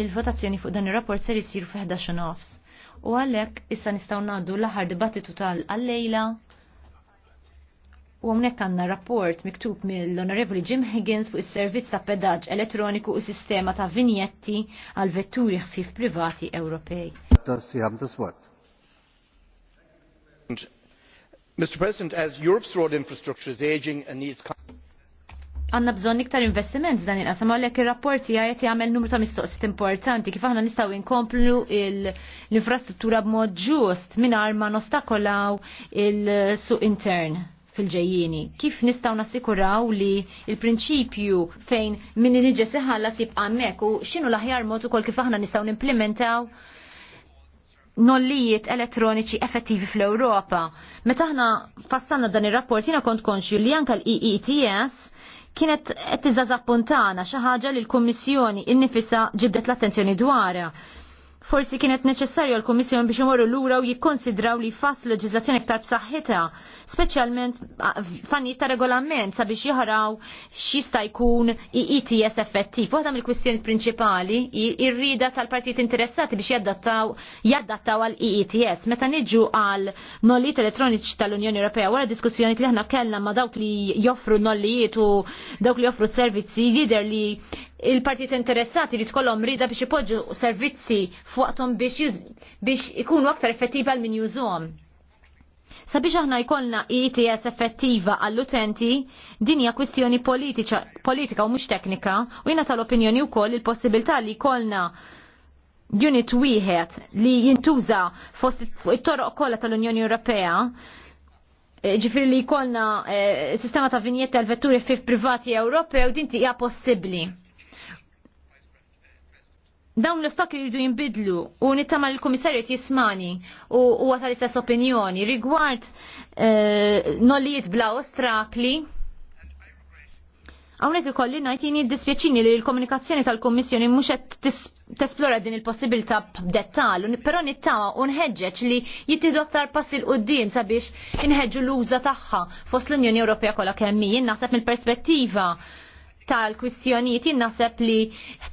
il-votazzjoni fuq dan ir-rapport ser isir fi 11 nofs. U għalek, issa nistaw naddu l-aħħar dibattitu tal-għallejla u għamnek għanna rapport miktub mill-Onorevoli Jim Higgins fuq il servizz ta' pedaġġ elettroniku u sistema ta' vinjetti għal vetturi ħfif privati Ewropej. Mr. President, as Europe's road infrastructure is aging and needs għanna bżon iktar investiment f'dan il-qasam, għalek il-rapporti għajet jgħamil numru ta' mistoqsit importanti, kif aħna nistaw inkomplu l-infrastruttura b'mod ġust minn ma nostakolaw il-suq intern fil-ġejjini. Kif nistaw nassikuraw li il-prinċipju fejn minn niġe seħalla sibqa' mek u xinu l-aħjar kol kif aħna nistaw nimplementaw nollijiet elettroniċi effettivi fl-Europa. Meta aħna fassanna dan ir-rapport jiena kont konxju li anka l-EETS kienet qed tiżażappuntana xi ħaġa li l-Kummissjoni innifisha ġibdet l-attenzjoni dwarha. Forsi kienet neċessarju l-Komissjon biex imorru lura u jikkonsidraw li fas leġislazzjoni ktar b'saħħitha, speċjalment fanni ta' regolament sabiex jħaraw x'jista' jkun ITS effettiv. Waħda mill-kwistjoni prinċipali ir-rida tal-partijiet interessati biex jaddattaw jaddattaw għal IETS. Meta niġu għal nollijiet elettroniċi tal-Unjoni Ewropea wara diskussjoni li aħna kellna ma' dawk li joffru nollijiet u dawk li joffru servizzi jidher li il-partit interessati li tkollhom rida biex ipoġġu servizzi f'waqthom biex ikunu aktar effettiva għal min jużhom. Sabiex aħna jkollna ITS e effettiva għall-utenti, din hija kwistjoni politika u mhux teknika, u jiena tal-opinjoni wkoll il-possibilità li jkollna unit wieħed li jintuża fost it-toroq kollha tal-Unjoni Ewropea e, ġifiri li jkollna e, sistema ta' vinjetta għal vetturi fif privati Ewropew din hija possibbli dawn l-istokki jridu jinbidlu u nittama l-komissarju jismani u huwa l istess opinjoni rigward eh, nollijiet bla ostrakli. Hawnhekk ikolli ngħid jien jiddispjaċini li l-komunikazzjoni tal-Kummissjoni mhux qed tesplora din il-possibilità b'dettall, però nittama u nħeġġeġ li jittidu aktar passi l qoddim sabiex inħeġġu l-uża tagħha fost l-Unjoni Ewropea kollha kemm jien naħseb mill-perspettiva tal-kwistjonijiet jinnaħseb li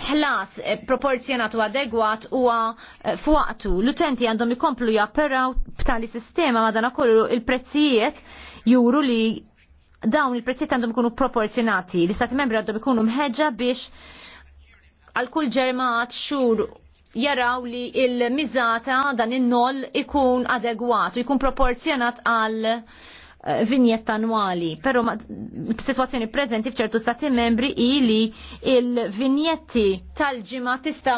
ħlas eh, proporzjonat u adegwat u eh, fuqtu. L-utenti għandhom ikomplu japperaw b'tali sistema madana kollu il-prezzijiet juru li dawn il-prezzijiet għandhom ikunu proporzjonati. L-istati membri għandhom ikunu mħeġġa biex għal kull ġermat xur jaraw li il-mizzata dan in-nol ikun adegwat, ikun proporzjonat għal annuali, eh, annwali, ma situazzjoni prezenti fċertu stati membri ili il-vinjetti tal ġimgħa tista'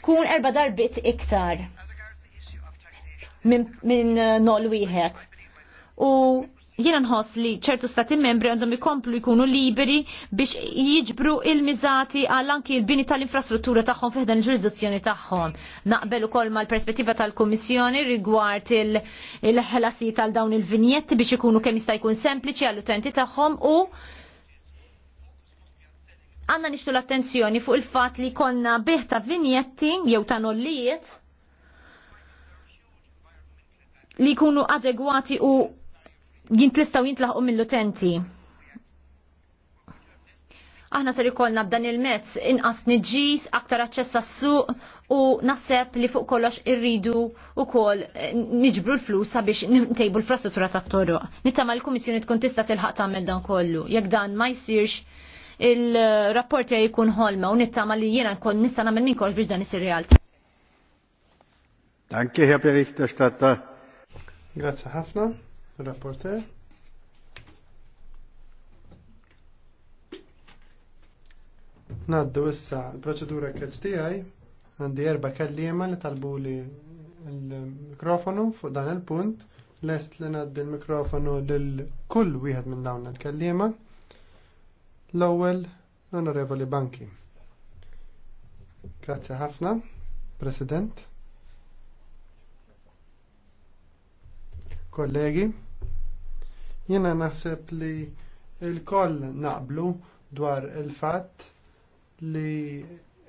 tkun erba darbit iktar minn min eh, nol wieħed. U jiena nħoss li ċertu stati membri għandhom ikomplu jkunu liberi biex jiġbru il-miżati għal anki l-bini tal-infrastruttura tagħhom fiħdan il-ġurisdizzjoni tagħhom. Naqbel ukoll mal-perspettiva tal-Kummissjoni rigward il-ħlasi tal dawn il-vinjetti biex ikunu kemm jista' jkun sempliċi għall-utenti tagħhom u għanna nixtu l-attenzjoni fuq il-fat li konna bih ta' vinjetti jew ta' nollijiet li kunu adegwati u jintlistaw jintlaħqu mill-utenti. Aħna ser ikollna b'dan il-mezz inqas niġġis, aktar aċċess għas-suq u naħseb li fuq kollox irridu wkoll eh, niġbru l-flus sabiex ntejbu l frastruttura tat-toroq. Nittama l-Kummissjoni tkun tista' tilħaq tagħmel dan kollu. Jekk dan ma jsirx, il-rapport jkun ħolma u nittama li jiena nkun nista' nagħmel minn kollox biex dan isir realtà. Danke, Herr Berichterstatter. Grazie ħafna. Rapporter. Naddu issa l-proċedura kħeġ tijaj, għandi erba kellima li talbu li l-mikrofonu fuq dan il-punt, lest li naddi l-mikrofonu l-kull wieħed minn dawn il-kellima, l-ewwel l-Onorevoli Banki. Grazie ħafna, President. Kollegi. Jena naħseb li il-koll naqblu dwar il-fatt li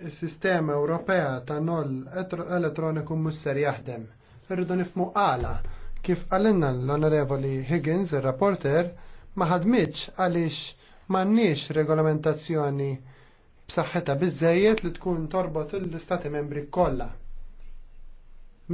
s-sistema Ewropea ta' noll elettroniku musser jaħdem. Irridu nifmu għala kif għalinna l-Onorevoli Higgins, il-rapporter, ma ħadmitx għaliex m'għandniex regolamentazzjoni b'saħħetha biżejjed li tkun torbot l-istati membri kollha.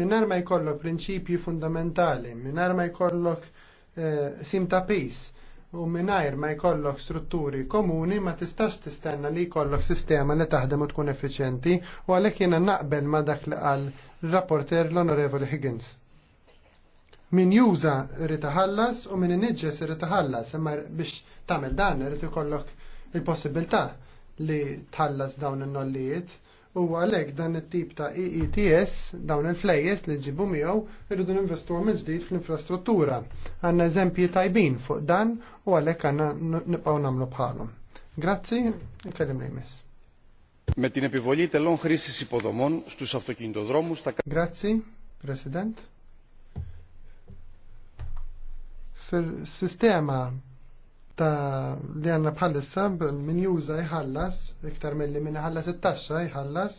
Minnar ma jkollok prinċipji fundamentali, minnar ma jkollok Eh, sim ta' peace u minnajr ma jkollok strutturi komuni ma tistax tistenna li jkollok sistema li taħdem u tkun efficienti u għalhekk jiena naqbel ma dak li qal rapporter l honorable Higgins. Min juża irid iħallas u min inniġġes irid iħallas, imma biex tagħmel dan irid ikollok il possibilta li tħallas dawn in-nollijiet U għalek dan it-tip ta' EETS, dawn il-flejjes li ġibu miegħu, irridu ninvestu għamil ġdid fl-infrastruttura. Għanna eżempji tajbin fuq dan u għalek għanna nipaw namlu bħalhom. Grazzi, nkellim li jmiss. Με την επιβολή τελών χρήσης υποδομών στους αυτοκινητοδρόμους στα... Grazzi, President. Fil-sistema ta' li għanna bħallissa min juża jħallas, iktar mill-li min ħallas it-taxxa jħallas,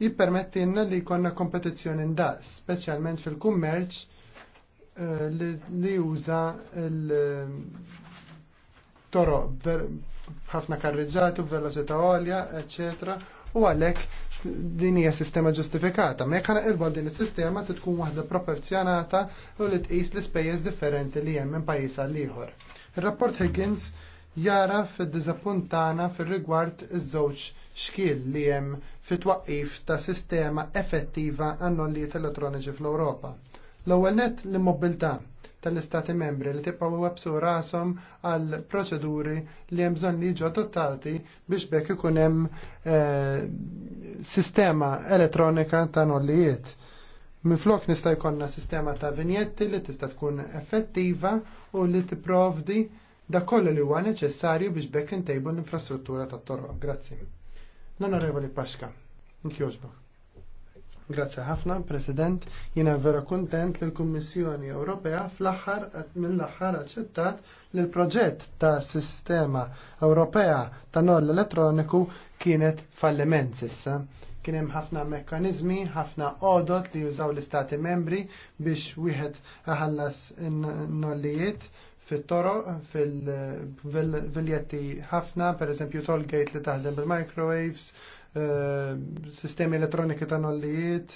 jippermettinna li jkollna kompetizzjoni ndaqs, speċjalment fil-kummerċ eh, li juża il-toroq b'ħafna karreġġati, b'veloċità għolja, eccetera, u għalhekk din hija sistema ġustifikata. Ma jekk irba din is-sistema tkun waħda proporzjonata u li tqis l-ispejjeż differenti li hemm minn pajjiż għal ieħor. Ir-rapport Higgins jara fid diżappuntana fir-rigward iż-żewġ xkiel li hemm fit-twaqqif ta' sistema effettiva għan-nollijiet elettroniċi fl-Ewropa. L-ewwel nett l-immobilità tal-Istati membri li tibqgħu websu rashom għal proċeduri li hemm bżonn jiġu adottati biex bekk ikun hemm eh, sistema elettronika ta' nollijiet. Minflok nista' jkollna sistema ta' vinjetti li tista' tkun effettiva u li tipprovdi da kollu li huwa neċessarju biex bekk intejbu l-infrastruttura tat-toroq. Grazzi. L-Onorevoli Paxka, nkjożbok. Grazzi ħafna, President. Jiena vera kontent li l-Kummissjoni Ewropea fl-aħħar mill-aħħar aċċettat li l-proġett ta' sistema Ewropea ta' noll elettroniku kienet falliment sissa. Kien hemm ħafna mekkaniżmi, ħafna qodot li jużaw l-Istati membri biex wieħed aħallas nollijiet fit-toro, fil-viljetti ħafna, per eżempju tollgate li taħdem bil-microwaves, eh, sistemi elettroniki ta' nollijiet,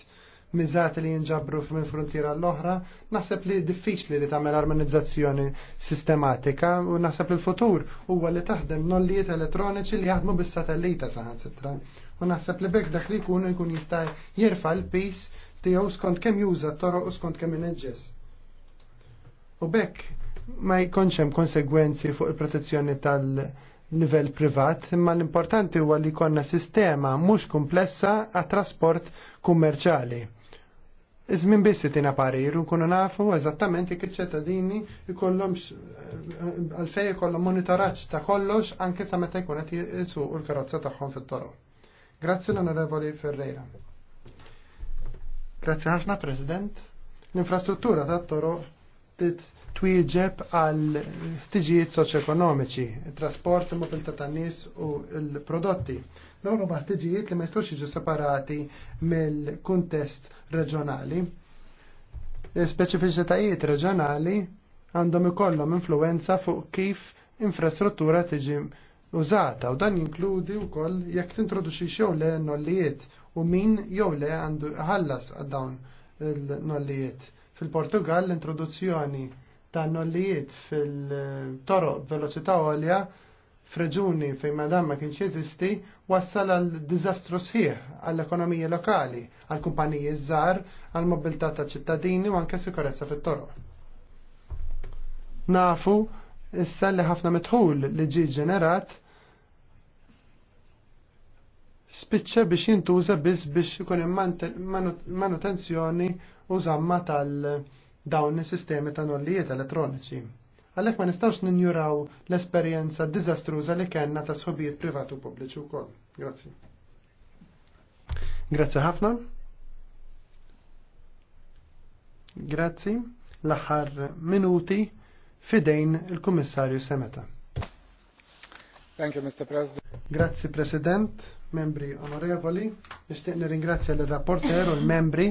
miżati li jinġabru minn frontiera l-oħra, naħseb li diffiċli li tagħmel armonizzazzjoni sistematika u naħseb li l-futur huwa li taħdem nollijiet elettroniċi li jaħdmu bis-satellita saħansitra. U naħseb li bekk dak li jkun jkun jista' jirfa' l-pis tiegħu skont kemm juża t-toroq u skont kemm inġess. U bekk ma jkunx hemm konsegwenzi fuq il-protezzjoni tal-livell privat, imma l-importanti huwa li jkollna sistema mhux komplessa għat trasport kummerċali. Iżmin biss tina parir, nkunu nafu eżattament kif ċettadini jkollhomx għalfej jkollhom monitoraġġ ta' kollox anke sa meta jkun qed jisuqu l-karozza tagħhom fit-toroq. Grazzi l-Onorevoli Ferreira. Grazzi ħafna President. L-infrastruttura tat-toroq twieġeb għal ħtiġijiet soċ-ekonomiċi, trasport, mobilità tan nies u l-prodotti. Dawn huma ħtiġijiet li ma jistgħux jiġu separati mill-kuntest reġjonali. Speċifiċitajiet reġjonali għandhom ikollhom influenza fuq kif infrastruttura tiġi użata u dan jinkludi wkoll jekk tintroduxi xew le nollijiet u min jew le għandu ħallas għad dawn il-nollijiet Fil-Portugal l-introduzzjoni ta' nollijiet fil toro veloċità għolja f'reġuni fejn madam ma kienx jeżisti wassal għal diżastru sħiħ għall-ekonomija lokali, għall kumpaniji żgħar, għall mobilità ta' ċittadini u anke sikurezza fit toro Nafu issa li ħafna mitħul li ġi ġenerat spiċċa biex jintuża biss biex ikun hemm manutenzjoni u zamma tal-dawn is-sistemi ta' nollijiet elettroniċi. Għalhekk ma nistgħux ninjuraw l-esperjenza diżastruża li kellna ta' sħobijiet privatu pubbliċi wkoll. Grazzi. Grazzi ħafna. Grazzi. L-aħħar minuti fidejn il-Kummissarju Semeta. Thank you, Mr. President. Grazzi President, membri onorevoli, nishtiq nirringrazzja l-rapporter u l-membri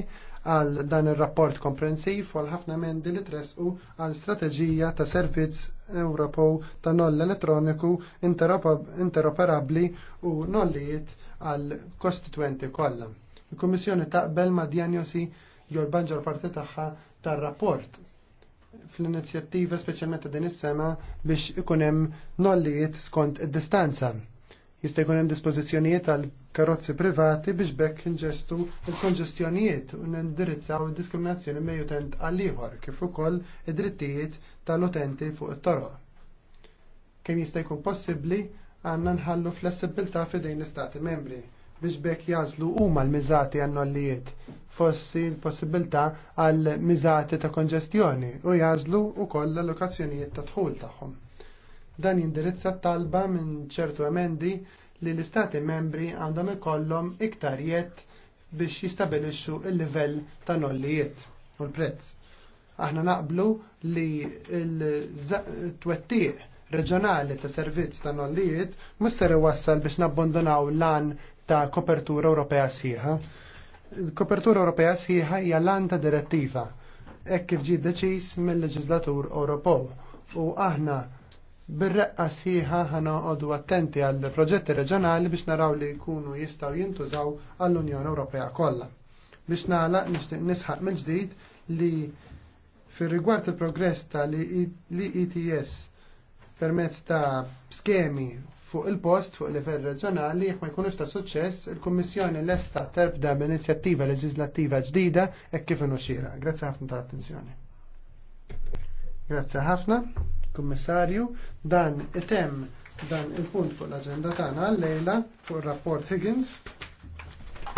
għal dan il-rapport komprensiv u għal-ħafna mendi li tresqu għal strategija ta' servizz Ewropew ta' noll elettroniku interoperabli u nollijiet għal kostituenti kollha. Il-Kummissjoni taqbel ma' diagnosi jorbanġar parti tagħha tar-rapport fl-inizjattiva speċjalment din is-sema biex ikun hemm nollijiet skont id-distanza jista' jkun hemm dispożizzjonijiet għal karozzi privati biex bekk inġestu il-konġestjonijiet u nindirizzaw id-diskriminazzjoni mej utent għal ieħor kif ukoll id-drittijiet tal-utenti fuq it-toroq. Kemm jista' jkun possibbli għandna nħallu flessibilità f'idejn l-Istati membri biex bekk jażlu huma l-miżati għannollijiet fossi l-possibilità għal miżati ta' konġestjoni u jażlu wkoll l-allokazzjonijiet ta' dħul tagħhom. Dan jindirizza talba minn ċertu emendi li l-istati membri għandhom ikollhom iktar jett biex jistabilixxu il-livell ta' nollijiet u l-prezz. Aħna naqblu li l-twettiq reġjonali ta' servizz ta' nollijiet mister iwassal biex nabbondonaw lan ta' kopertura Ewropea sħiħa. Kopertura Ewropea sħiħa hija lan ta' direttiva, hekk kif ġie deċiż mill-leġislatur Ewropew u aħna Bir-reqqa ħana ħanoqodu attenti għall proġetti reġjonali biex naraw li jkunu jistgħu jintużaw għall-Unjoni Ewropea kollha. Biex nagħlaq nixtieq nisħaq minn ġdid li fir rigward il-progress ta' li ETS permezz ta' skemi fuq il-post fuq livell reġjonali jekk ma jkunux ta' suċċess, il-Kummissjoni lesta terbda b'inizjattiva leġislattiva ġdida hekk kif inhu xira. Grazzi ħafna tal-attenzjoni. Grazzi ħafna. Kummissarju, dan item dan il-punt fuq l-agenda tagħna għallejla fuq ir-rapport Higgins.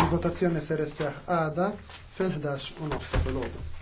Il-votazzjoni ser isseħ għada fil-11 u nofs ta'